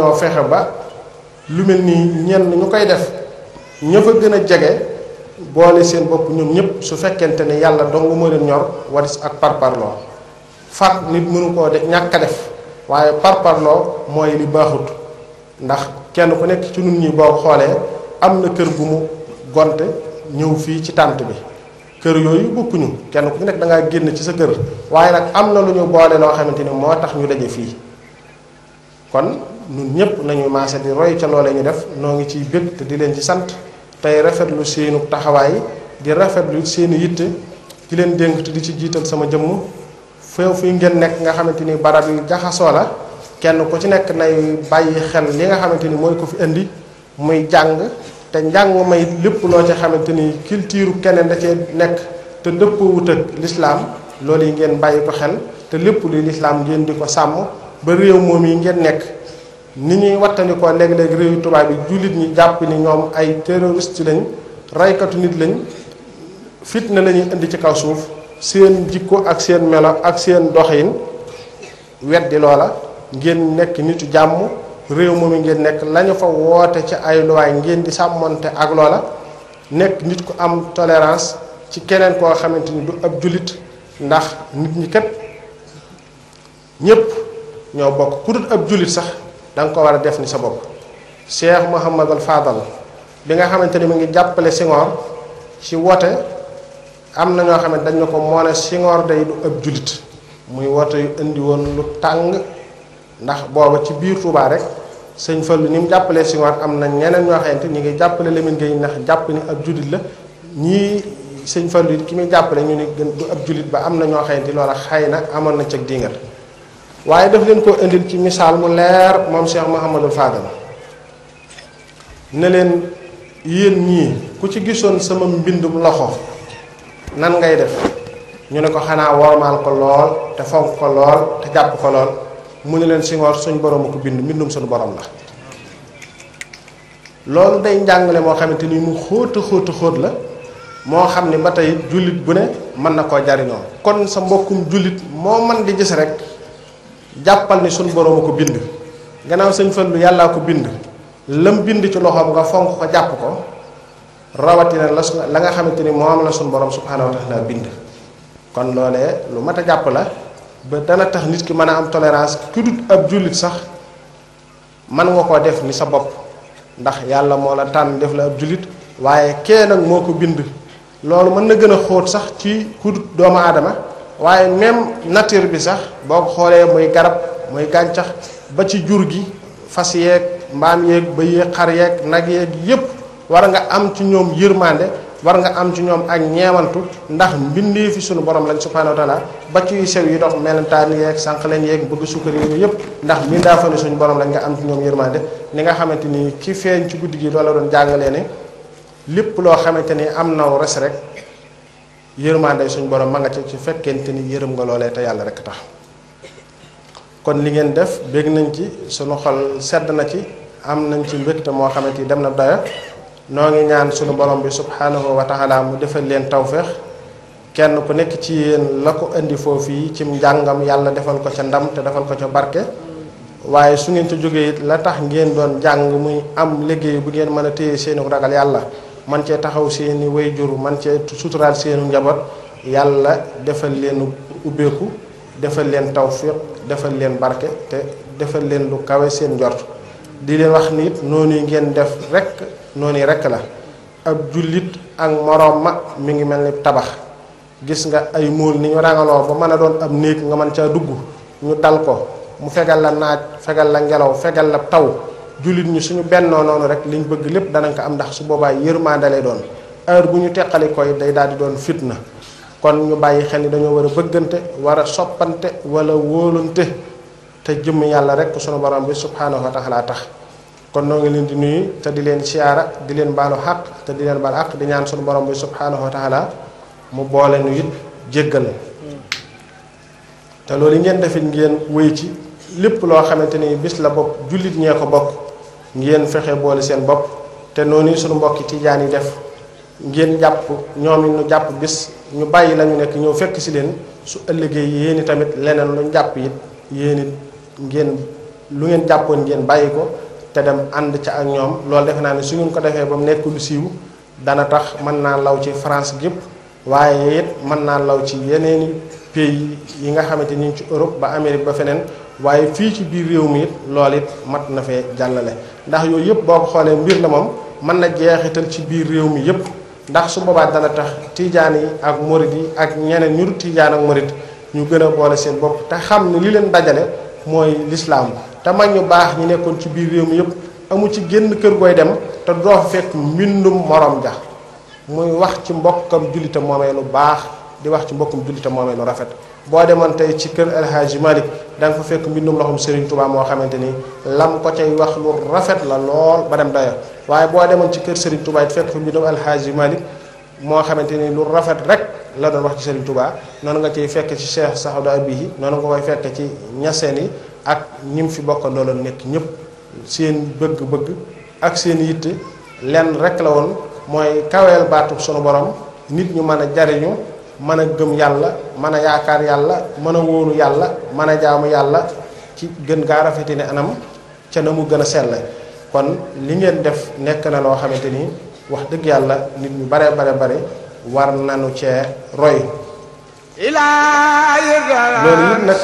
nañoo fexe ba lu mel nii ñenn ñu koy def ña fa gën a jege boole seen bopp ñoom ñëpp su fekkente ne yàlla dong moo leen ñor waris ak parparloo fat nit mënu koo def ñàkk def waaye parparloo mooy li baaxut ndax kenn ku nekk ci nun ñi boo xoolee am na kër gu mu gonte ñëw fii ci tànt bi kër yooyu bokkuñu kenn ku nekk da génn ci sa kër waaye nag am na lu ñu boole loo xamante ni moo tax ñu daje fii kon nun ñëpp nañu maase di roy ca loolee ñu def noo ngi ciy bëgg te di leen ci sant tey rafetlu seenu taxawaay di rafetlu seeni yitte di leen dénk te di ci jiital sama jëmm feew fii ngeen nekk nga xamante ni barab yu jaxasoo la kenn ku ci nekk nay bàyyi xel li nga xamante ni mooy ko fi indi muy jàng te njàng ma may lépp loo ci xamante ni culture keneen da cee nekk te dëppoo wut lislaam loolu yi ngeen bàyyi ko xel te lépp luy lislaam ngeen di ko sàmm ba réew moom yi ngeen nekk ni ñuy wattandikoo léeg-léeg réewu tubaab yi jullit ñi jàpp ni ñoom ay terroriste lañ raykatu nit lañ fitna la indi ci kaw suuf seen jikko ak seen melo ak seen doxin weddi loola ngeen nekk nitu jàmm réew moomu ngeen nekk lañu fa woote ci ay luwaay ngeen di sàmmoonte ak loola nekk nit ku am tolerance ci keneen koo xamante ni du ab jullit ndax nit ñi kat ñépp ñoo bokk ku dul ab jullit sax dang ko wara def ni sa bop cheikh mohammed al fadal bi nga xamanteni mi ngi jappale singor ci wote am na ño xamanteni dañ nako moone singor day du ab julit muy wote yu indi won lu tang ndax booba ci biir touba rek seigne fallu ni mu jàppalee am na ñeneen ño xamanteni ngi jappale lemin ngay ndax japp ni ab julit la ñi seigne fallu ki mi jappale ñu ni du julit ba am na ño xamanteni loola xëy amon na ci waye daf leen ko andil ci misal mu leer mom cheikh mahamadul fadal ne leen yeen ñi ku ci gisoon sama mbindum loxo nan ngay def ñu ne ko xana wormaal ko lool te fonk ko lool te japp ko lool mu ne leen singoor suñ borom ko bind mbindum suñu borom la loolu day jangale mo xamante ni mu xóota xóota xóot la mo xamni batay julit bu ne man nako jarino kon sa mbokum julit mo man di gis rek jappal ni suñ borom ko bind gannaaw sëñ Fallu yàllaa ko bind lam bind ci loxoom nga fonk ko jàpp ko rawatina la la nga xamante ni moom la suñ borom subhanahu wa taala bind kon loolee lu mat a la ba dana tax nit ki mën a am tolérance ki dut ab jullit sax man nga koo def ni sa bopp ndax la def la ab waaye kee nag moo bind loolu mën na gën a sax ci ku dut waaye même nature bi sax boo ko xoolee muy garab muy gàncax ba ci jur gi fas yeeg mbaam yeeg ba xar yeeg nag yeeg yépp war nga am ci ñoom yërmande war nga am ci ñoom ak ñeewantu ndax mbindee fi sunu borom lañ subhanahu wa taala ba ci sew yi dox melentaan yeeg sànq leen yeeg bëgg sukkar yi yëpp ndax mbindaa fa ne suñu borom lañ nga am ci ñoom yërmande ni nga xamante ni ki feeñ ci guddi gi loola doon jàngalee ne lépp loo xamante ni am res rek nday suñ borom ma nga ci ci fekkente ni yërëm nga loolee te yàlla rek tax kon li ngeen def bég nañ ci suñu xol sedd na ci am nañ ci mbégte moo xamante dem na daya noo ngi ñaan suñu borom bi subhanahu wa taala mu defal leen tawfeex kenn ku nekk ci yéen la ko indi foofu yi ci njàngam yàlla defal ko ca ndam te defal ko ca barke waaye su ngeen ci jógee la tax ngeen doon jàng muy am liggéey bu ngeen mën a téye ragal yàlla man ci taxaw seeni wayjur man ci sutural seenu njabot yalla defal len ubbeeku defal len tawfiq defal len barke te defal len lu kawé seen njort di len wax nit noni ngeen def rek noni rek la ab julit ak morom ma mi ngi melni tabax gis nga ay mool ni ñu rangalo ba mën doon ab neek nga man ca dugg ñu dal ko mu fegal la naaj fegal la ngelaw fegal la taw julit ñu suñu bennoo noonu rek liñ bëgg lépp danañ ko am ndax su boba yërmaande dalé doon heure bu ñu teqali koy day daal di doon fitna kon ñu bayyi xel ni dañoo wara bëggante wara soppante wala wóolante te jëm yalla rek suñu borom bi subhanahu wa taala tax kon no ngi leen di nuyu te di leen siyaara di leen balu xaq te di leen bal xaq di ñaan suñu borom bi subhanahu wa taala mu boole ñu yit jéggal te loolu ngeen defit ngeen wëy ci lépp loo xamante bis la jullit ñee ko ngeen fexe boole seen bopp te noonu suñu mbokki tijaan yi def ngeen jàpp ñoom it ñu jàpp bés ñu bàyyi lañu nekk ñëw fekk si leen su ëllëgee yéen tamit leneen luñ jàpp it yéen it ngeen lu ngeen jàppoon ngeen bàyyi ko te dem ànd ca ak ñoom loolu defe naa ne su ngeen ko defee ba mu nekk lu siiw dana tax mën naa law ci France gépp waaye it mën naa law ci yeneeni pays yi nga xamante ni ci Europe ba Amérique ba feneen waaye fii ci biir réew mi it loolu it mat na fee jàllale ndax yooyu yëpp boo ko xoolee mbir la moom mën na jeexital ci biir réew mi yëpp ndax su boobaat dana tax tiijaan yi ak morit yi ak ñeneen ñu tijaan ak morit ñu gën a boole seen bopp te xam ne li leen dajale mooy lislaam te mag ñu baax ñu nekkoon ci biir réew mi yëpp amu ci génn kër gooy dem te doo fekk mbindum morom ja muy wax ci mbokkam jullitam moomee lu baax di wax ci mbokkum jullitam moomee lu rafet boo demoon tey ci kër El Hadji Malick da nga fa fekk mbindum loxoom Serigne tubaa moo xamante ni lam ko cay wax lu rafet la lool ba dem daya waaye boo demoon ci kër Serigne Touba it fekk fa mbindum El Hadji Malick moo xamante ni lu rafet rek la doon wax ci Serigne tubaa noonu nga ciy fekk ci Cheikh Sahada Abihi noonu nga koy fekk ci ñaseen yi ak ñim fi bokkandoo la nekk ñëpp seen bëgg-bëgg ak seen yitte lenn rek la woon mooy kaweel baatu sunu borom nit ñu mën a jariñu mën a gëm yàlla mën a yaakaar yàlla mën a wóolu yàlla mën a jaamu yàlla ci gën gaa rafeti ne anam ca na mu gën a sell kon li ngeen def nekk na loo xamante ni wax dëgg yàlla nit ñu bare bare bare war na nu cee roy loolu yëpp nag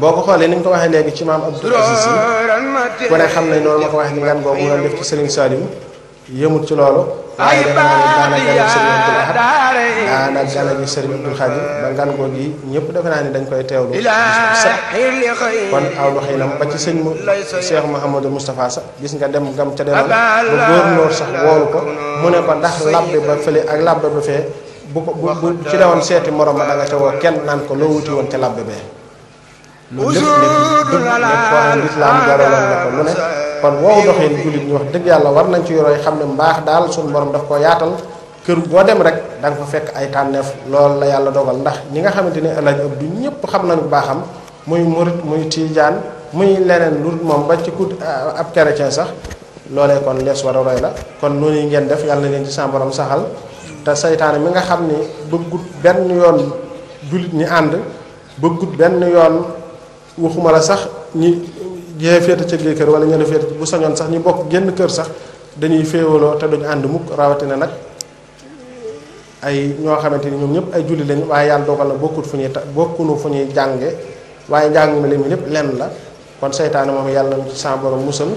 boo ko xoolee ni nga ko waxee léegi ci maam Abdul Aziz yi ku ne xam ne noonu ma ko waxee ni ngan googu mu doon def ci Serigne Saliou yëmut ci loolu waaye daana gane gi sëriñ Abdul Xaadir ba ngan goo gi ñëpp defe naa ni dañ koy teewlu kon aw doxinam ba ci sëñ mu Cheikh Mouhamadou Moustapha sax gis nga dem gam ca demal ba góor sax woolu ko mu ne ko ndax labbe ba fële ak labbe ba fee bu ko bu ci dewoon seeti morom ma da nga ca woo kenn naan ko loo wuti woon ca labbe bee loolu lépp lépp lépp koo xam lislaam jaraloon na ko lu ne kon woow doxeen julit ñu wax dëgg yàlla war nañ ci yoroy xam ne mbaax daal suñu borom daf ko yaatal kër boo dem rek da nga fa fekk ay tànneef loolu la yàlla dogal ndax ñi nga xamante ne alaaj ëpp du ñëpp xam nañu baaxam muy murit muy tiijaan muy leneen lu moom ba ci kut eh, ab chrétien sax loolee kon lees war a roy la kon noonu ngeen def yàlla na leen ci sa borom saxal te saytaane mi nga xam ni bëggut benn yoon julit ñi ànd bëggut benn yoon waxuma la sax ñi ñee féete ca gee kër wala ñeneen féete bu sañoon sax ñu bokk génn kër sax dañuy féewaloo te duñ ànd mukk rawatina nag ay ñoo xamante ni ñoom ñëpp ay julli lañ waaye yàlla dogal na bokkut fu ñuy ta bokkunu fu ñuy jànge waaye njàng mi li mi lépp lenn la kon seytaane moom yàlla nañu ci sa borom musal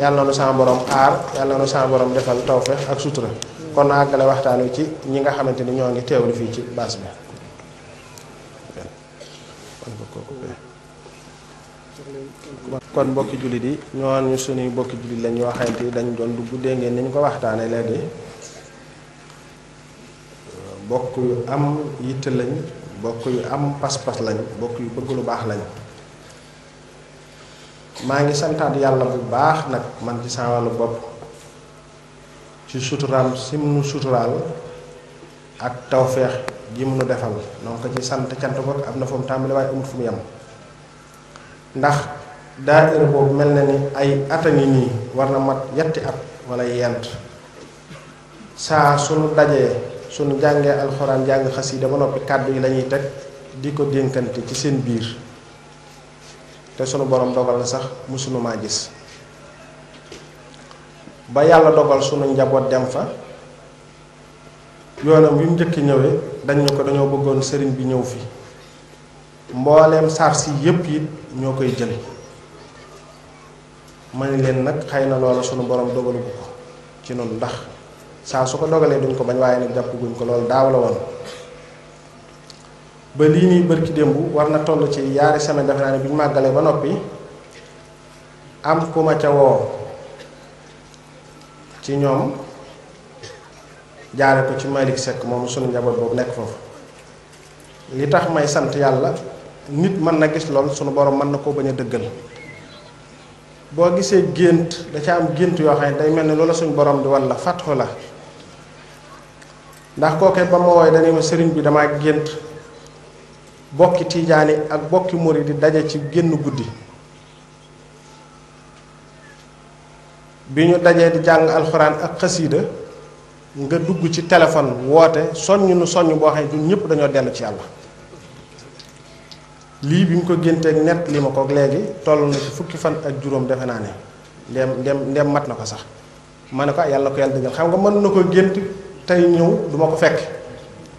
yàlla nañu sa borom aar yàlla nañu sa borom defal tawfeex ak sutura kon na àggale waxtaan wi ci ñi nga xamante ni ñoo ngi teewlu fii ci baas bi kon bokki jullit yi ñoon ñu suñu bokki jullit lañ yoo xamante dañ doon dugg dégg ngeen niñ ko waxtaane léegi bokk yu am yitte lañ bokk yu am pas-pas lañ bokk yu bëgg lu baax lañ maa ngi santaat yàlla bu baax nag man ci saa wàllu bopp ci suturaam sim suturaal ak tawfeex ji mu nu defal ko ci sant cant ko am na fu mu tàmbali waaye amut fu mu yem ndax daaira bobu mel na ni ay ata ni mat yetti at wala yent saa sunu dajee sunu jàngee alxuraan jàng xasida ba noppi kàddu yi lañuy teg di ko dénkante ci seen biir te sunu borom dogal na sax musunu maa gis ba yàlla dogal sunu njaboot dem fa yoonam yu njëkk ñëwee dañ ñu ko dañoo bëggoon sëriñ bi ñëw fi sarsi yep yi ñokay jël ma ne leen nag xëy na sunu borom dogalu ko ci non ndax saa su ko dogalee duñ ko bañ waye nag japp guñ ko loolu daawla won ba li ni barki dembu warna tollu ci yaari semaine ba nopi am ku ma ca wo ci ñom jaare ko ci malik sek mom sunu nek fofu li tax may sante yalla nit man na gis lool sunu borom man na koo bañ a dëggal boo gisee gént da ca am gént yoo xam ne day mel ni loola suñu borom di wan la fatxu la ndax kookee ba ma wooy dañuy ma sëriñ bi dama gént bokki tiijaani ak bokki muri di daje ci génn guddi bi ñu dajee di jàng alxuraan ak xasiida nga dugg ci téléphone woote soññ nu soññ boo xam ne ñun ñëpp dañoo dellu ci yàlla li bi mu ko génteeg net li ma ko légui tollu na ci fukki fan ak juroom defe na né dem dem dem mat nako sax ma ne ko ah, yàlla ko yalla dëgal xam nga man nako ko tay ñew duma ko fekk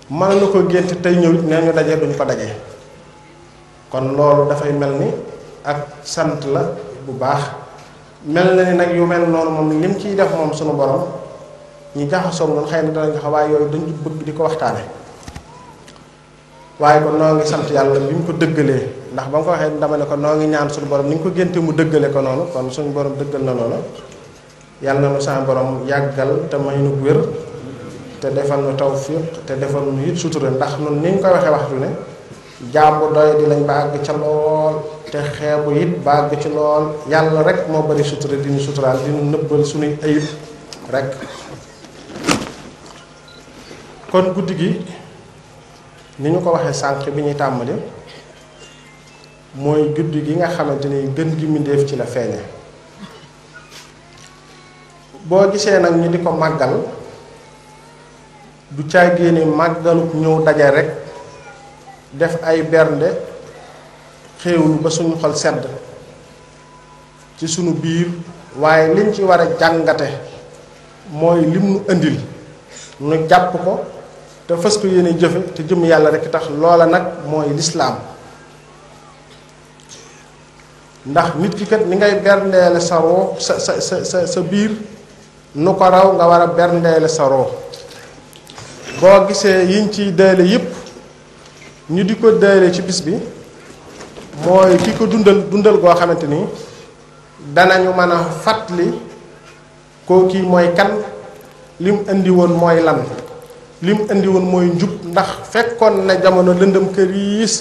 man nako ko tay ñew né ñu dajee ko dajé kon loolu da fay melni ak sante la bu baax melna ni nak yu mel non mom lim ci def mom suñu borom ñi jaxasoo ngon xeyna dara nga ko yoy dañu bëgg diko waxtane waaye ko noo ngi sant yàlla bi mu ko dëggalee ndax ba nga ko waxee dama ne ko noo ngi ñaan suñu borom ni nga ko génte mu dëggale ko noonu kon suñu borom dëggal na noonu yàlla na nu saa borom yàggal te may nu wér te defal nu tawfiq te defal nu it sutura ndax nun ni ñu koy waxee waxtu ne jàmbu doy di lañ ba àgg ca lool te xeebu it ba ci lool yàlla rek moo bari sutura di nu suturaal di nu nëbbal suñuy ayib rek kon guddi gi ni ñu ko waxee sànq bi ñuy tàmbali mooy judd gi nga xamante ni gën gi mbindéef ci la feeñe boo gisee nag ñu di ko màggal du caagee ni màggaluk ñëw daje rek def ay bernde xéewlu ba suñu xol sedd ci sunu biir waaye liñ ci war a jàngate mooy lim nu indil nu jàpp ko te fas ko yéene jëfe te jëm yàlla rek tax loola nag mooy lislaam ndax nit ki kat ni ngay berndeele sa roo sa sa sa sa biir nu ko raw nga war a berndeele sa roo boo gisee yiñ ci deele yépp ñu di ko deele ci bis bi mooy ki ko dundal dundal goo xamante ni danañu mën a fàttali ki kii mooy kan lim indi woon mooy lan li mu indi woon mooy njub ndax fekkoon na jamono lëndëm këriis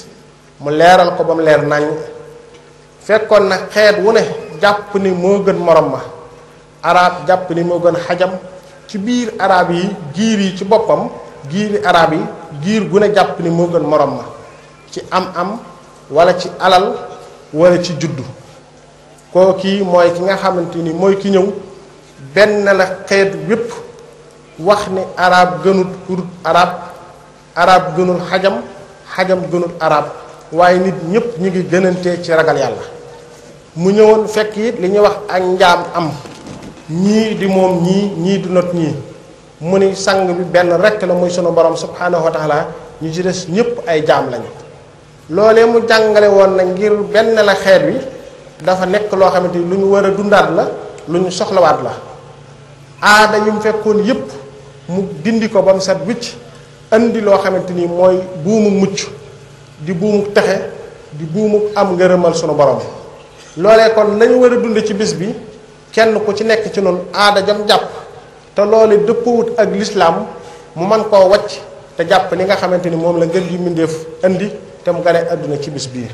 mu leeral ko ba mu leer nañ fekkoon na xeet wu ne jàpp ni moo gën morom ma arab jàpp ni moo gën xajam ci biir araab yi giir yi ci boppam giiri araab yi giir gu ne jàpp ni moo gën morom ma ci am-am wala ci alal walla ci juddu koo kii mooy ki nga xamante ni mooy ki ñëw benn la xeet wépp wax ne arab gënul kurut arab arab gënul hajam hajam gënul arab waye nit ñepp ñi ngi gënantee ci ragal yalla mu ñëwoon fekk yi li wax ak njaam am ñi di mom ñi ñi du not ñi mu ni sang bi ben rek la moy sunu borom subhanahu wa taala ñu ci dess ñepp ay jaam lañu lolé mu jangalé won na ngir ben la wi dafa nek lo xamanteni luñu wara dundat la luñu soxla wat la aada mu dindi ko ba mu set wicc andi loo xamante ni mooy buumu mucc di buumu texe di buumu am ngërëmal sunu borom loolee kon lañu war a dund ci bis bi kenn ku ci nekk ci noonu aada jam jàpp te loole dëppawut ak lislaam mu man koo wacc te jàpp li nga xamante ni moom la ngën gi mbindeef indi te mu gane àdduna ci bis bii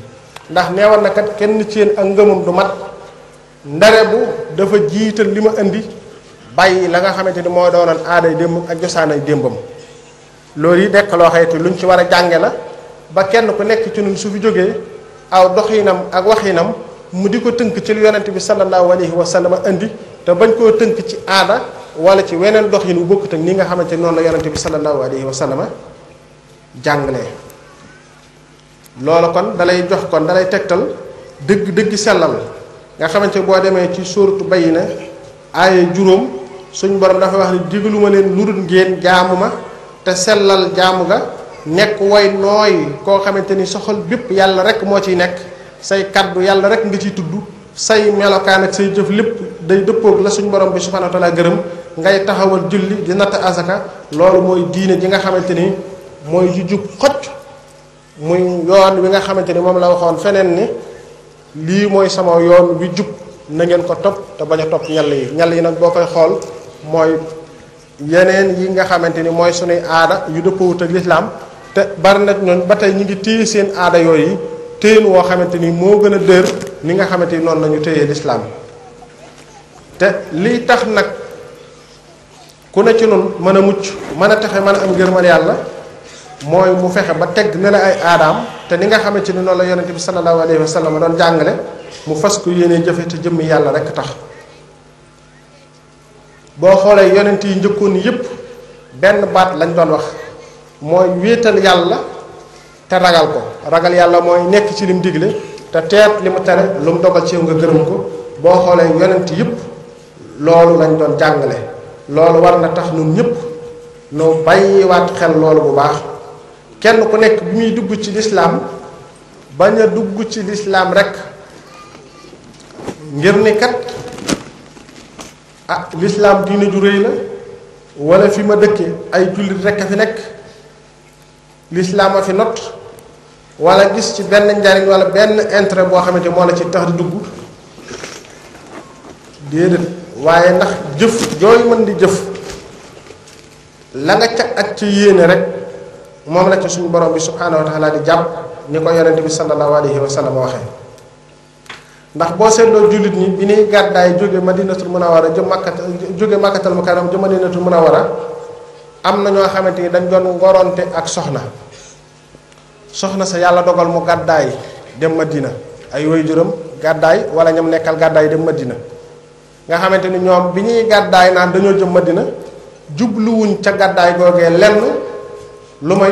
ndax neewal na kat kenn ci yéen ak ngëmam du mat ndare bu dafa jiital li ma indi bàyyi la nga xamante ni moo doonoon aaday démb ak josaanay démbam loolu yi nekk loo xayte luñ ci war a jànge la ba kenn ku nekk ci ñun su fi jógee aw doxinam ak waxinam mu di ko tënk ci lu yonent bi sallallahu alayhi wa sallam indi te bañ koo tënk ci aada wala ci weneen doxin wu bokkut ak ni nga xamante ni noonu la yonent bi sallallahu alayhi wa sallam jàngalee loolu kon dalay jox kon dalay tegtal dëgg dëgg sellal nga xamante boo demee ci bayi Bayyina aaye juróom suñ borom dafa wax ne ma leen lu ngeen jaamu ma te sellal jaamu ga nekk way nooy koo xamante ni soxal bépp yàlla rek moo ciy nekk say kaddu yàlla rek nga ciy tudd say melokaan ak say jëf lépp day dëppoog la suñ borom bi su wa taala gërëm ngay taxawal julli di natt asaka loolu mooy diine ji nga xamante ni mooy ju jub xocc muy yoon wi nga xamante ni moom la waxoon feneen ni lii mooy sama yoon wi jub na ngeen ko topp te bañ a topp ñal yi ñal yi nag boo koy xool mooy yeneen yi nga xamante ni mooy sunuy aada yu dëppawut ak lislaam te bari na ñooñ ba tey ñu ngi téye seen aada yooyu téyin woo xamante ni moo gën a dër ni nga xamante ni noonu lañu téye lislaam te li tax nag ku ne ci noonu mën a mucc mën a texe man a am ngërmal yàlla mooy mu fexe ba teg ne la ay aadaam te ni nga xamante ni noonu la yonente bi sallallahu alayhi wa sallam doon jàngale mu fas ko yéene jëfe te jëmm yàlla rekk tax boo xoolee yonent yi njëkkoon yépp benn baat lañ doon wax mooy wéetal yàlla te ragal ko ragal yàlla mooy nekk ci lim digle te teet li mu tere lu mu dogal ci yow nga gërëm ko boo xoolee yonent yépp loolu lañ doon jàngale loolu war na tax nun ñëpp nu bàyyiwaat xel loolu bu baax kenn ku nekk bi muy dugg ci lislaam bañ a dugg ci lislaam rekk ngir ni kat ah lislaam diine ju réy la wala fi ma dëkke ay jullit rekk a fi nekk lislaam a fi not wala gis ci benn njariñ wala benn intérêt boo xamante moo la ci tax di dugg déedéet waaye ndax jëf jooy mën di jëf la nga ca ak ci yéene rek moom la ca suñu borom bi subhaanahu wa taala di jàpp ni ko yonent bi sallallahu alayhi wa sallam waxee ndax boo seetloo julit ñi bi ni gàddaay jóge madinatul munawara jëm makkat jóge makkatal mukaram jëm madinatul munawara am na ñoo xamante ni dañ doon ngoronte ak soxna soxna sa yàlla dogal mu gàddaay dem madina ay way juram gàddaay wala ñam nekkal gàddaay dem madina nga xamante ni ñoom bi ñuy gàddaay naan dañoo jëm madina wuñ ca gàddaay googee lenn lu may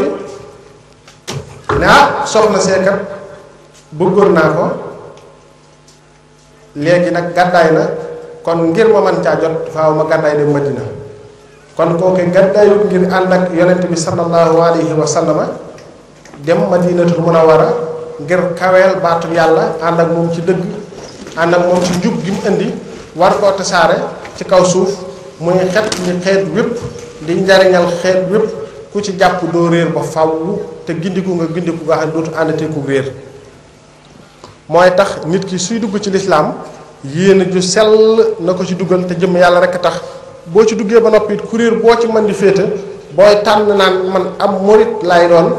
ne ah soxna bëggoon naa ko léegi nag gàddaay na kon ngir ma man caa jot faaw ma gàddaay dem madina kon kooke gàddaayut ngir ànd ak yonent bi sallallahu alayhi wa sallama dem madinatul munawara ngir kaweel baatu yàlla ànd ak moom ci dëgg ànd ak moom ci njub gi mu indi war koo tasaare ci kaw suuf muy xet ñi xeet wépp di njariñal xeet wépp ku ci jàpp doo réer ba faww te gindiku nga gindiku nga xam ne dootu àndateeku réer mooy tax nit ki suy dugg ci lislaam yéene ju sell na ko ci dugal te jëm yàlla rek tax boo ci duggee ba noppiit kuréel boo ci mën di féete booy tànn naan man am murit lay doon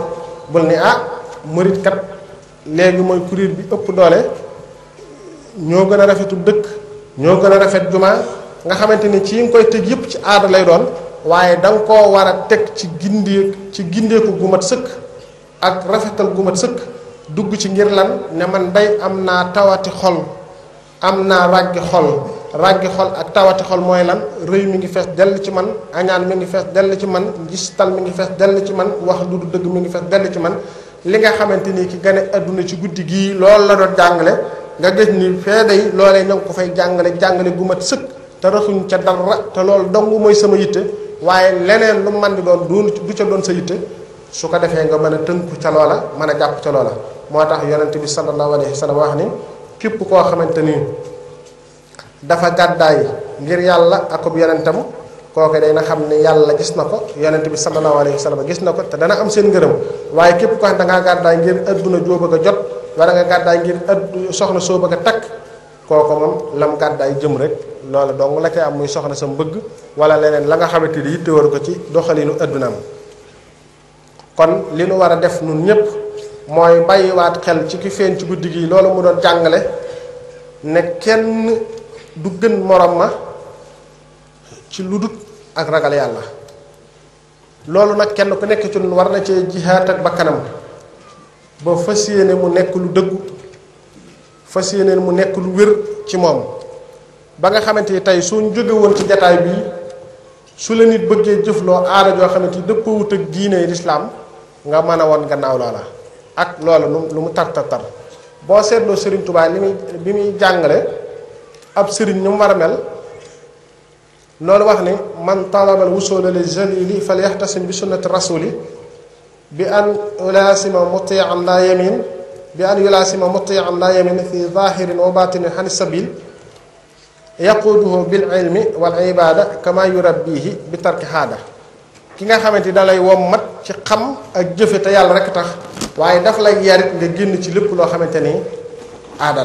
bul ni ah morit kat léegi mooy kuriir bi ëpp doole ñoo gën a rafetu dëkk ñoo gën a rafet jumaa nga xamante ni ci nga koy teg yëpp ci aada lay doon waaye da nga koo war a teg ci gindee ci gindeeku gumat sëkk ak rafetal gu sëkk dugg ci ngir lan ne man day am naa tawati xol am naa ràggi xol ràggi xol ak tawati xol mooy lan rëy mi ngi fees dell ci man añaan mi ngi fees dell ci man ngistal mi ngi fees dell ci man wax lu du dëgg mi ngi fees dell ci man li nga xamante ni ki gane àdduna ci guddi gii loolu la doon jàngale nga gis nii fee day loolee na nga ko fay jàngale jàngale gu mat sëkk te raxuñ ca dara te loolu dong mooy sama yitte waaye leneen lu man di doon du ca doon sa yitte su ko defee nga mën a tënku ca loola mën a jàpp ca loola moo tax yonente bi salallahu alayhi wa sallam wax ni képp koo xamante ni dafa gàddaay ngir yàlla akub yonentam kooke day na xam ne yàlla gis na ko yonente bi salallahu alayhi wa sallam gis na ko te dana am seen ngërëm waaye képp koo xam da ngaa gàddaay ngir adduna joo bëgg a jot wala nga gàddaay ngir addu soxna soo bëgg a takk kooko moom lam gàddaay jëm rek loola dong la am muy soxna sa mbëgg wala leneen la nga xamante ni yitte war ko ci doxalinu addunaam kon li nu war a def nun ñépp mooy bàyyiwaat xel ci ki feeñ ci guddi gi loolu mu doon jàngale ne kenn du gën morom ma ci lu dut ak ragal yàlla loolu nag kenn ku nekk ci nun war na cee jihaat ak bakkanam ba fas yéene mu nekk lu dëggu fas yéene mu nekk lu wér ci moom ba nga xamante ni tey suñ jóge woon ci jataay bii su la nit bëggee jëfloo aada joo xamante ni dëppawut ak diine lislaam nga mën a woon gannaaw loola ak loola lu mu tar tar tar boo seetloo sëriñ Tuubaa li muy bi muy jàngale ab sëriñ ñu mu war a mel loolu wax ni man talabal wusula li jalili fal yaxtasim bi sunnati rasuli bi an yulaasima mutian la yamin bi an yulaasima mutian la yamin fi zahirin wa batinin xani yaquuduhu bil ilmi wal ibada kama yurabbihi bi tarki haada ki nga xamante ni da lay wommat ci xam ak jëfe te yàlla rek tax waaye daf lay yarit nga génn ci lépp loo xamante ni aada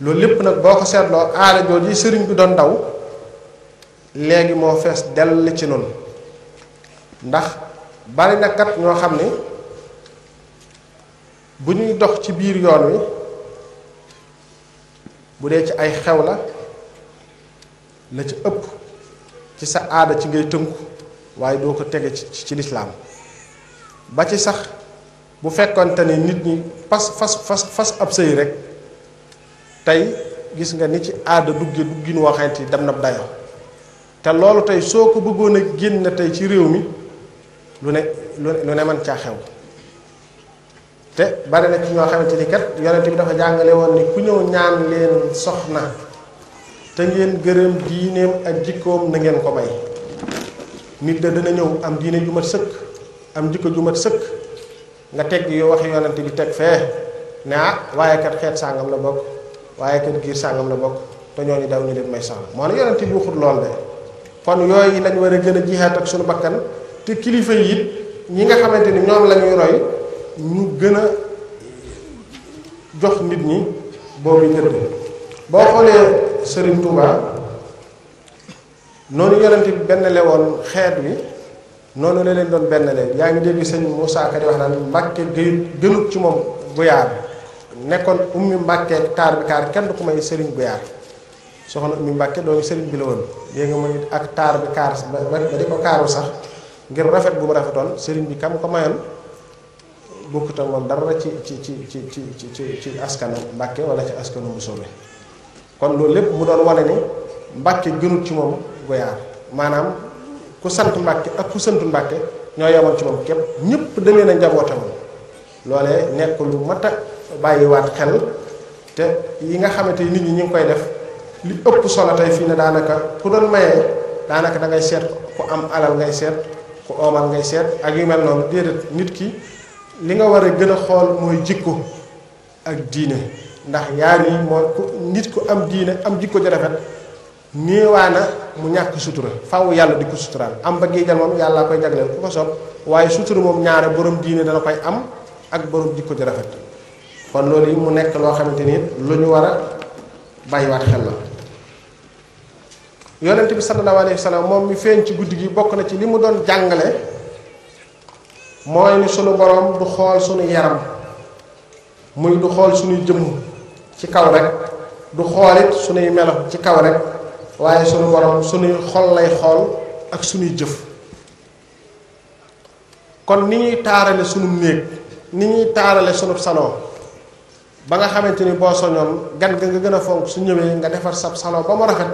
loolu lépp nag boo ko seetloo aada yi sëriñ bi doon daw léegi moo fees dell ci noonu ndax bari na kat ñoo xam ni bu ñuy dox ci biir yoon wi bu dee ci ay xew la la ci ëpp ci sa aada ci ngay tënku waaye doo ko tege ci ci lislaam ba ci sax bu fekkonte ne nit ñi fas fas fas fas ab sëy rek tey gis nga ni ci aada dugge duggin woo xeet yi dem na dayo te loolu tey soo ko bëggoon a génn tey ci réew mi lu ne lu ne man caa xew te bari na ci ñoo xamante ni kat yonent bi dafa jàngale woon ni ku ñëw ñaan leen soxna te ngeen gërëm diineem ak jikkoom na ngeen ko may nit da dana ñëw am diine ju mat sëkk am jikko ju mat sëkk nga teg yoo wax yonent bi teg fee ne ah waaye kat xeet sàngam la bokk waaye kat giir sàngam la bokk te ñooñu daw ñu leen may soxna moo ne yonent bi waxut lool de kon yooyu lañ war a gën a jihaat ak suñu bakkan te kilifa yi ñi nga xamante ni ñoom la ñu gën jox nit ñi boobu cër boo xoolee Serigne Touba noonu yonent bi benn le woon xeet wi noonu la leen doon benn le yaa ngi dégg sëñ Moussa di wax naan Mbàkke gëyut gënut ci moom guyaar nekkoon ummi Mbàkke taar bi kaar kenn du ko may Serigne guyaar soxna ummi Mbàkke doomu Serigne bi la woon léegi mooy ak taar bi kaar ba di ko kaaru sax ngir rafet bu mu rafetoon sëriñ bi kam ko mayoon bokkut ak woon dara ci ci ci ci ci ci ci askanu Mbàkke wala ci askanu Musóobe kon loolu lépp mu doon wane ni Mbàkke gënut ci moom goyaar maanaam ku sant Mbàkke ak ku santu Mbàkke ñoo yemoon ci moom képp ñëpp da leen a njaboote moom loolee nekk lu mat a bàyyiwaat xel te yi nga xamante nit ñi ñu ngi koy def li ëpp solo tey fii ne daanaka ku doon mayee daanaka da ngay seet ku am alal ngay seet ku oomal ngay seet ak yu mel noonu déedéet nit ki li nga war a gën a xool mooy jikko ak diine ndax yaar yi mooy ku nit ku am diine am jikko ju rafet néewaana mu ñàkk sutura faw yàlla di ko am ba géejal moom yàlla koy jagleel ku ko soob waaye sutura moom ñaare borom diine dana koy am ak boroom jikko ju rafet kon loolu yi mu nekk loo xamante ni lu ñu war a bàyyiwaat xel la yonent bi sallallahu alayhi wa sallam moom mi feeñ ci guddi gi bokk na ci li mu doon jàngale mooy ni sunu borom du xool sunu yaram muy du xool sunu jëm ci kaw rek du xoolit sunuy melo ci kaw rek waaye sunu borom sunuy xol lay xool ak sunuy jëf kon ni ñuy taarale sunu néeg ni ñuy taarale sunu salon ba nga xamante ni boo soñoon gan ga nga gën a fonk su ñëwee nga defar sab salon ba mu rafet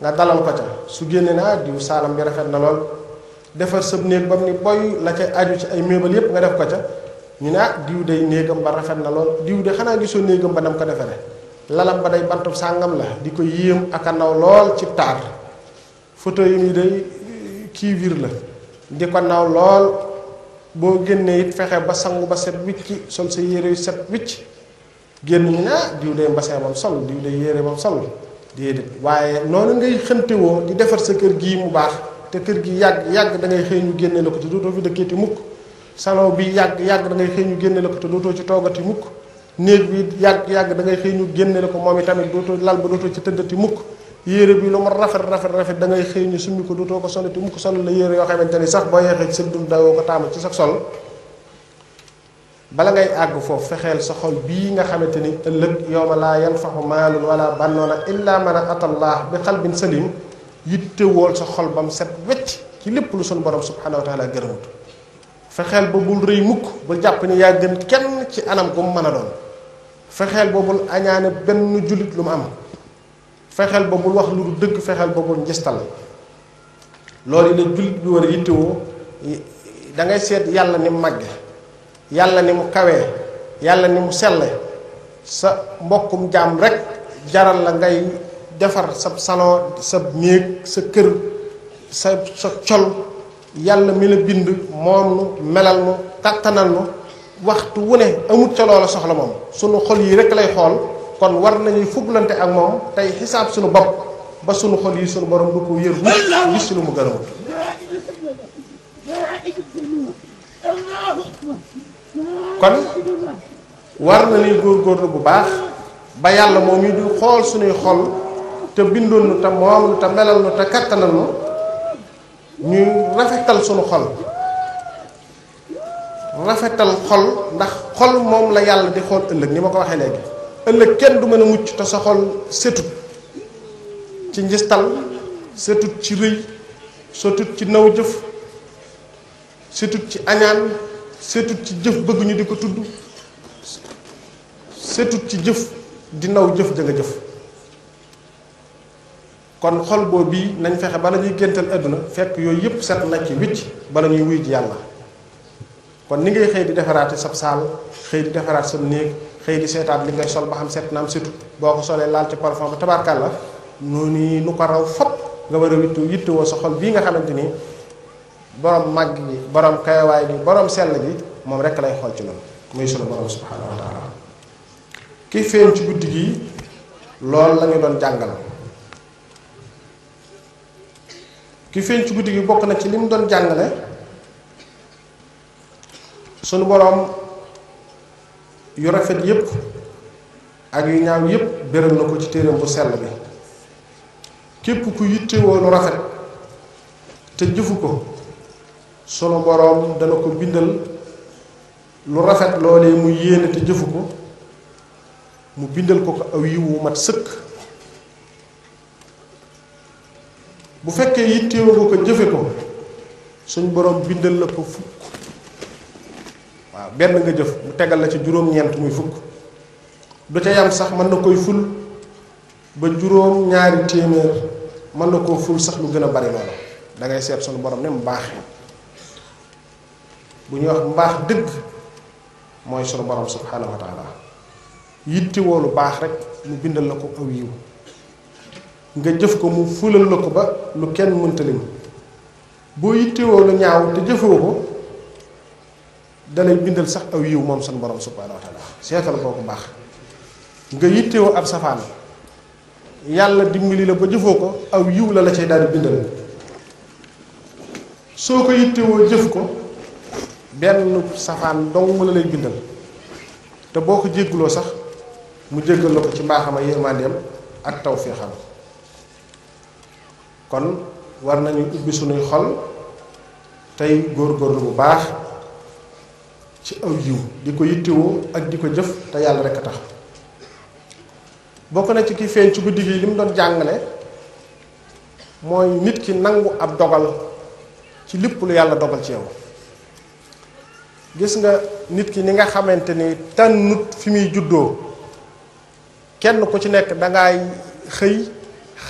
nga dalal ko ca su génne naa diw saalam bi rafet na lool defar sa neeg bam ni boy la ca aju ci ay meubal yépp nga def ko ca ñu ne ah diw day neegam ba rafet na lool diw de xanaa gisoo neegam ba nam ko defere lalam ba day bantub sangam la di ko yéem ak a naw lool ci taar photo yi mi day wir la di ko naw lool boo génnee it fexe ba sangu ba set wicc sol sa yére yu set wicc génn ñu ne ah diw day mbasee bam sol diw day yére bam sol déedéet waaye noonu ngay xëntewoo di defar sa kër gii mu baax te kër gi yàgg yàgg da ngay xëy ñu génne la ko te dootoo fi dëkkeeti mukk salon bi yàgg yàgg da ngay xëy ñu génne la ko te dootoo ci toogati mukk néeg bi yàgg yàgg da ngay xëy ñu génne la ko moom itamit dootoo lal ba dootoo ci tëddati mukk yére bi lu mu rafet rafet rafet da ngay xëy ñu summi ko dootoo ko solati mukk sol la yére yoo xamante ni sax boo yeexee ci sa dund dawoo ko taamu ci sa sol bala ngay àgg foofu fexeel sa xol bii nga xamante ni ëllëg yawma laa yanfaxu maalun wala bannoona illa man ata bi qalbin salim yitte wool sa xol ba mu set wecc ci lépp lu sunu borom subhanahu wa taala gërëmut fexeel ba bul rëy mukk bul jàpp ni yaa gën kenn ci anam gu mu mën a doon fexeel ba bul añaane benn jullit lu mu am fexeel ba bul wax lu du dëgg fexeel ba bul njistal loolu yi jullit bi war a yittewoo da seet yàlla ni mu yàlla ni mu kawee yàlla ni mu selle sa mbokkum jaam rek jaral la ngay defar sa salon sa néeg sa kër sa sa col yàlla mi la bind moom nu melal nu kàttanal nu waxtu wu ne amut ca loola soxla moom sunu xol yii rek lay xool kon war nañuy fuglante ak moom tey xisaab sunu bopp ba sunu xol yi sunu borom du ko yër mu gis lu mu gënamut kon war nañuy góorgóorlu bu baax ba yàlla moom yi du xool sunuy xol te bindoon nu te moom nu te melal nu te kattanal nu ñuy rafetal sunu xol rafetal xol ndax xol moom la yàlla di xool ëllëg ni ma ko waxee léegi ëllëg kenn du mën a mucc te sa xol setut ci njistal setut ci rëy setut ci naw jëf setut ci añaan setut ci jëf bëgg ñu di ko tudd setut ci jëf di naw jëf ja jëf kon xol boo bii nañ fexe bala ñuy géntal àdduna fekk yooyu yëpp set na ci wicc bala ñuy wuy ji yàlla kon ni ngay xëy di defaraate sab saal xëy di defaraat sab néeg xëy di seetaat li ngay sol ba xam set naa surtout boo ko solee laal ci parfum ba tabarkàlla noonu nu ko raw fop nga war a wittu yittewoo sa xol bii nga xamante ni borom màgg gi borom kayawaay gi borom sell gi moom rek lay xool ci noonu muy sunu borom subhanahu wa ki feeñ ci guddi gi loolu la ñu doon jàngal. ki feeñ ci guddi gi bokk na ci li mu doon jàngale sunu boroom yu rafet yépp ak yu ñaaw yépp béral na ko ci téeram bu sell bi képp ku yittewoo lu rafet te jëfu ko sunu boroom dana ko bindal lu rafet loolee mu yéene te jëfu ko mu bindal ko ko aw yiwu mat sëkk bu fekkee yittewoo nga ko jëfe ko suñ borom bindal la ko fukk waaw benn nga jëf mu tegal la ci juróom-ñeent muy fukk du ca yam sax mën na koy ful ba juróom ñaari téeméer mën na koo ful sax lu gën a bari loolu dangay seet suñu borom ne mbaaxee bu ñu wax mbaax dëgg mooy sunu borom subhanahu wa taala yittewoo lu baax rek mu bindal la ko aw yiw nga jëf ko mu fulal la ko ba lu kenn mënta boo yittewoo lu ñaaw te jëfoo ko dalay bindal sax aw yiw moom seen borom subhaanahu wa taala seetal boo ko baax nga yittewoo ab safaan yàlla dimbali la ba jëfoo ko aw yiw la la cay dal di bindal soo ko yittewoo jëf ko benn safaan dong la lay bindal te boo ko jégguloo sax mu jéggal la ko ci mbaaxam ak yërmandeem ak tawféexam kon war nañu ubbi sunuy xol tey góorgóorlu bu baax ci aw yiw di ko yittewoo ak di ko jëf te yàlla rekk a tax bokk na ci ki feeñ ci guddi yi li mu doon jàngale mooy nit ki nangu ab dogal ci lépp lu yàlla dogal ci yow gis nga nit ki ni nga xamante ni tànnut fi muy juddoo kenn ku ci nekk dangay xëy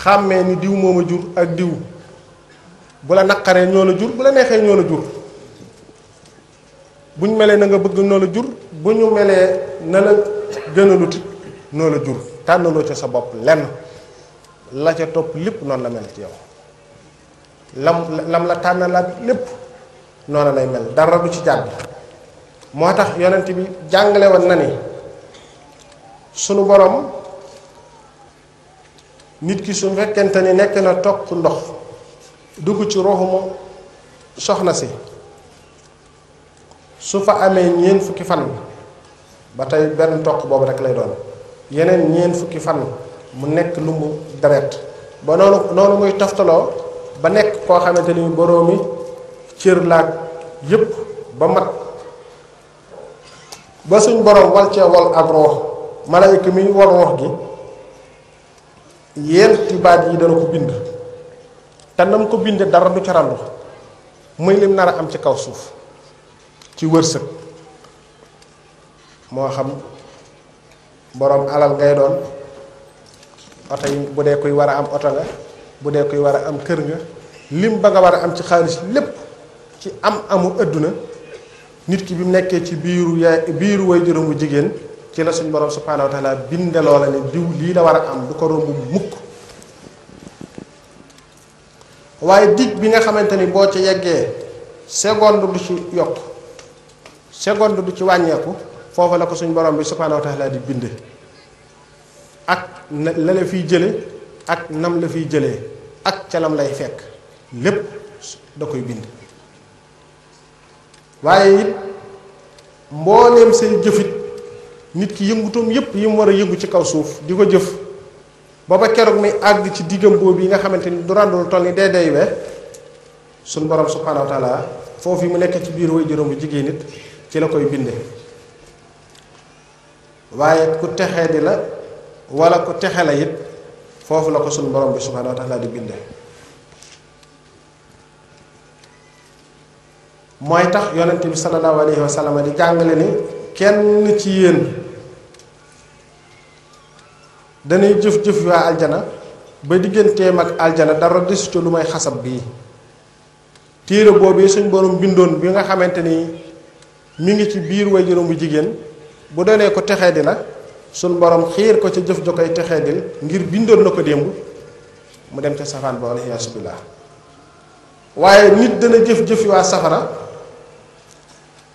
xàmmee ni diw moom a jur ak diw bu la naqaree ñoo la jur bu la neexee ñoo la jur bu ñu melee na nga bëgg noo la jur bu ñu melee na la gënalut noo la jur tànnaloo ca sa bopp lenn la ca topp lépp noonu la mel ci yow lam lam la tànnalaat lépp noonu lay mel dara du ci jàdd moo tax yonent bi jàngale woon na ni sunu borom nit ki su fekkente ni nekk na tokk ndox dugg ci roxumo soxna si su fa amee ñeent fukki fan ba tey benn tokk boobu rek lay doon yeneen ñeent fukki fan mu nekk lu mu deret ba noonu noonu muy toftaloo ba nekk koo xamante ni boroomi cër laag yépp ba mat ba suñ boroom wal cee wol ab roox malayka mi wol roox gi yéenti baat yi dana ko bind te nam ko bind dara du ca randu muy lim nar a am ci kaw suuf ci wërsëg moo xam boroom alal ngay doon oto yi bu dee kuy war a am oto nga bu dee kuy war a am kër nga lim ba nga war a am ci xaalis lépp ci am amu àdduna nit ki bi mu nekkee ci biiru yaay biiru way juróom jigéen ci la suñ borom subhaanahu wa taala binde diw lii la war a am du ko romb mukk waaye digg bi nga xamante ni boo ci yeggee seconde du ci yokk seconde du ci wàññeeku foofu la ko suñ borom bi subhaanahu wa di binde ak na la la fiy jële ak nam la fiy jëlee ak ca lay fekk lépp da koy bind waaye it mbooleem say jëfit nit ki yëngutoom yépp yi mu war a yëngu ci kaw suuf di ko jëf ba ba keroog mi àgg ci diggam boobu bi nga xamante ni du randul toll ni day day we sun borom subhanahu wa taala foofu mu nekk ci biir way bu jigéen nit ci la koy binde waaye ku texee di la wala ku texe la it foofu la ko sun borom subhanahu wa taala di binde mooy tax yonente bi sallallahu alayhi wa sallam di jàngale ni kenn ci yéen danay jëf-jëf waa aljana ba digganteem ak aljana dara desu lu may xasab bii téere boobu suñ borom bindoon bi nga xamante ni mu ngi ci biir way juróom jigéen bu doonee ko texee di la suñ borom xiir ko ca jëf jo koy texee dil ngir bindoon na ko démb mu dem ca safaan ba wala iyaasu billaah waaye nit dana jëf-jëf waa safara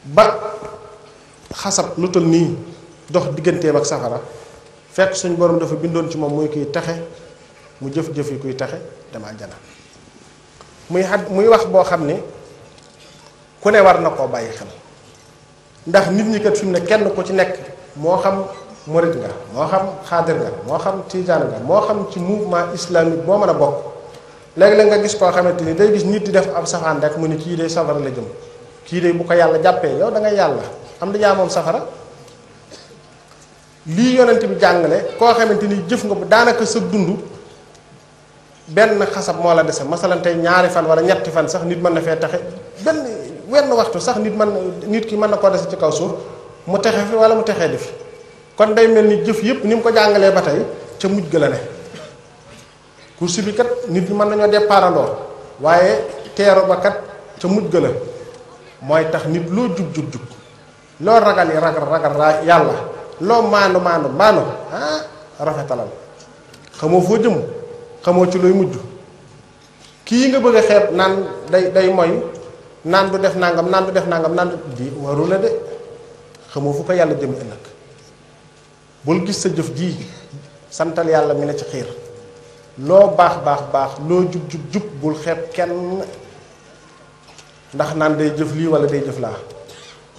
ba xasab lu toll nii dox digganteem ak safara fekk suñu borom dafa bindoon ci moom muy kuy taxe mu jëf-jëf kuy taxe dem aljana muy xat muy wax boo xam ne ku ne war na koo bàyyi xel ndax nit ñi kat fi mu ne kenn ku ci nekk moo xam murid nga moo xam xaadir nga moo xam tijaan nga moo xam ci mouvement islamique boo mën a bokk léeg-léeg nga gis koo xamante ni day gis nit di def ab safaan rek mu ne kii day safara la jëm kii day bu ko yàlla jàppee yow dangay yàlla am na yaa moom safara lii yonent bi jàngale koo xamante ni jëf nga bu daanaka sa dund benn xasab moo la dese masalan tey ñaari fan wala ñetti fan sax nit mën na fee taxe benn wenn waxtu sax nit mën nit ki mën na koo dese ci kaw suuf mu texe fi wala mu texee def kon day mel ni jëf yépp ni mu ko jàngalee ba tey ca mujj gëla kursi bi kat nit ñi mën nañoo départandoo waaye teeru ba kat ca mujj gëla la mooy tax nit loo jub jub jub loo ragal ragal ragal yàlla loo maandu maandu maandu ah rafetalal xamoo foo jëm xamoo ci looy mujj kii nga bëgg a xeeb naan day day moy naan du def nangam naan du def nangam naan di warula la de xamoo fu ko yàlla jëm ëllëg bul gis sa jëf jii santal yàlla mi ne ci xiir loo baax baax baax loo jub jub jub bul xeeb kenn ndax naan day jëf lii wala day jëf laa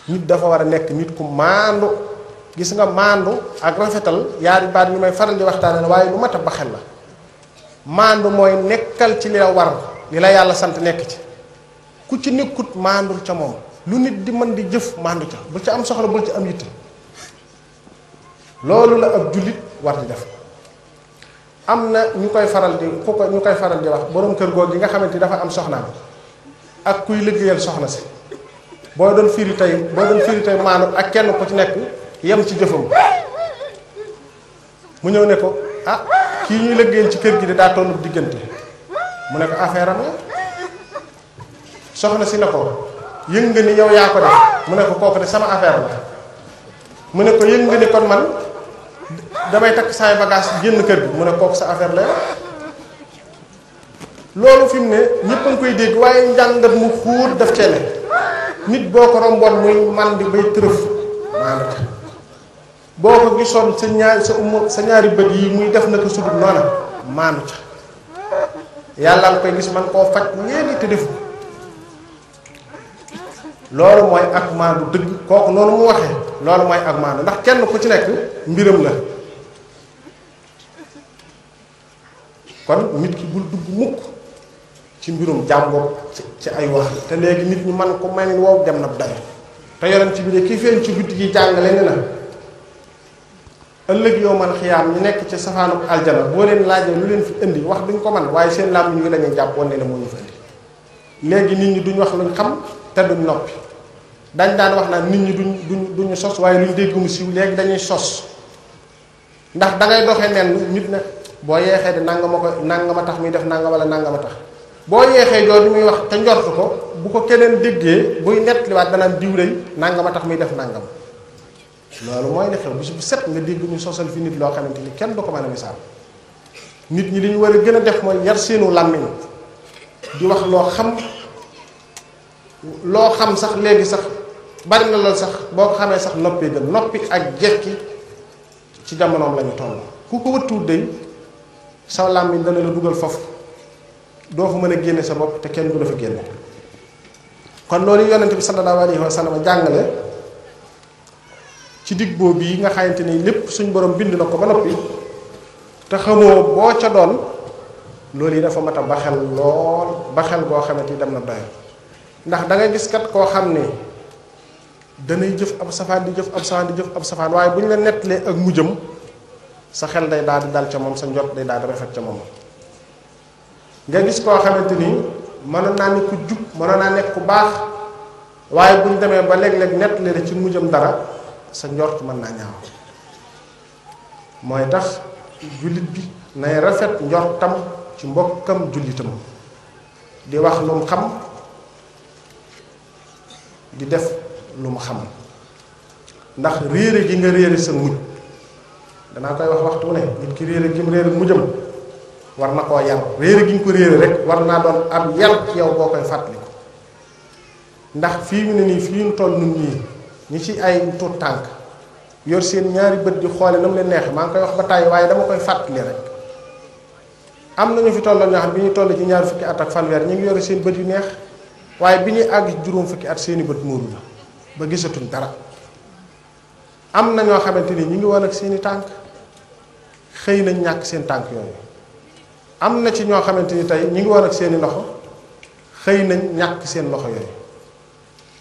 nit dafa war a nekk nit ku maandu gis nga maandu ak rafetal yaari baat yu may faral di waxtaane waaye lu ma tax ba xel la maandu mooy nekkal ci li la war li la yàlla sant nekk ci ku ci nekkut maandul ca moom lu nit di mën di jëf maandu ca bu ca am soxla bul ca am yitte loolu la ab jullit war di def am na ñu koy faral di ku ko ñu koy faral di wax borom kër googu yi nga xamante ni dafa am soxnaam ak kuy liggéeyal soxna si boo doon firi tey boo doon firi tey maandu ak kenn ku ci nekk yem ci jëfam mu ñëw ne ko ah kii ñuy lëggéeyal ci kër gi de daa tollu diggante mu ne ko affaire am la soxna si ne ko yëg nga ni yow yaa ko def mu ne ko kooku de sama affaire la mu ne ko yëg nga ni kon man damay takk saay bagage génn kër gi mu ne kooku sa affaire la loolu fi mu ne ñëpp a koy dégg waaye njàngat mu xuur daf cee nit boo ko romboon muy man di bay tërëf maanaam boko gisone gisoon sa ñaar sa umu sa ñaari beut yi muy def naka ko sudul manu ca yalla nga koy gis man ko fajj ñeeni te def lolu moy ak manu deug koku nonu mu waxe lolu moy ak manu ndax kenn ku ci nek mbiram la kon nit ki bul dugg mukk ci mbirum jambo ci ay wax te legi nit ñu man ko may wo dem na dayo te ci bi de ki feen ci guddi gi jangale ne na ëllëg yow man xiyaam ñu nekk ci safaanuk aljana boo leen laajee lu leen fi indi wax duñ ko man waaye seen làmmiñ wi lañuy jàpp woon ne la moo ñu fa indi léegi nit ñi duñ wax luñ xam te duñ noppi dañ daan wax naa nit ñi duñ duñ duñu sos waaye luñ dégg mu siiw léegi dañuy sos ndax dangay doxee nen nit na boo yeexee de ma ko ma tax muy def nangama wala nangama tax boo yeexee jooju muy wax te njortu ko bu ko keneen déggee buy nettaliwaat danaan diw rey nangama tax muy def nangama loolu mooy li xew bis bu set nga dégg ñu sosal fi nit loo xamante ni kenn du ko mën a misaal nit ñi li ñu war a gën a def mooy yar seenu làmmiñ di wax loo xam loo xam sax léegi sax bari na lool sax boo ko xamee sax noppee gën noppi ak jekki ci jamonoom lañu toll ku ko wëttuwut day sa làmmiñ dana la dugal foofu doo fa mën a génne sa bopp te kenn du la fa génne kon loolu yonent bi sallallahu alayhi wa sallam jàngale ci dig boobu nga xamante ni lépp suñ borom bind na ko ba nopi ta xamoo bo ca doon loolu dafa mata a baxel lool baxel boo xamante ni dem na doy ndax da nga gis kat koo xam ne danay jëf ab safaan di jëf ab safaan di jëf ab safaan waaye bu ñu la nettalee ak mujjam sa xel day daal dal ca moom sa njot day daal di rafet ca moom nga gis koo xamante ni mën naa ne ku jub mën naa nekk ku baax waaye bu ñu demee ba léeg-léeg nettali la ci mujjam dara sa ci mën na ñaaw moy tax julit bi nay rafet tam ci mbokkam julitam di wax lu xam di def lu mu xam ndax réere gi nga réere sa mujj danaa koy wax waxtu ne nit ki réere gi mu réere mujjam war na koo yar réere gi ko réere rek war naa doon am yar ci yow boo koy ndax fii mu ne nii ñu toll ñi ci ay tout tank yor seen ñaari bët di xoole na mu leen neex maa ngi koy wax ba tay waaye dama koy fàttali rek am nañu fi tolloon ñoo xam bi ñu toll ci ñaar fukki at ak fanweer ñu ngi yor seen bët yu neex waaye bi ñuy àgg juróom fukki at seeni bët muuru la ba gisatuñ dara am na ñoo xamante ni ñu ngi woon ak seeni tànk xëy na ñàkk seen tànk yooyu am na ci ñoo xamante ni tey ñu ngi woon ak seeni loxo xëy nañ ñàkk seen loxo yooyu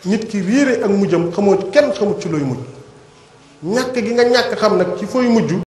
nit ki réere ak mujjam xamoo kenn xamut ci looy mujj ñàkk gi nga ñàkk xam nag ci fooy mujj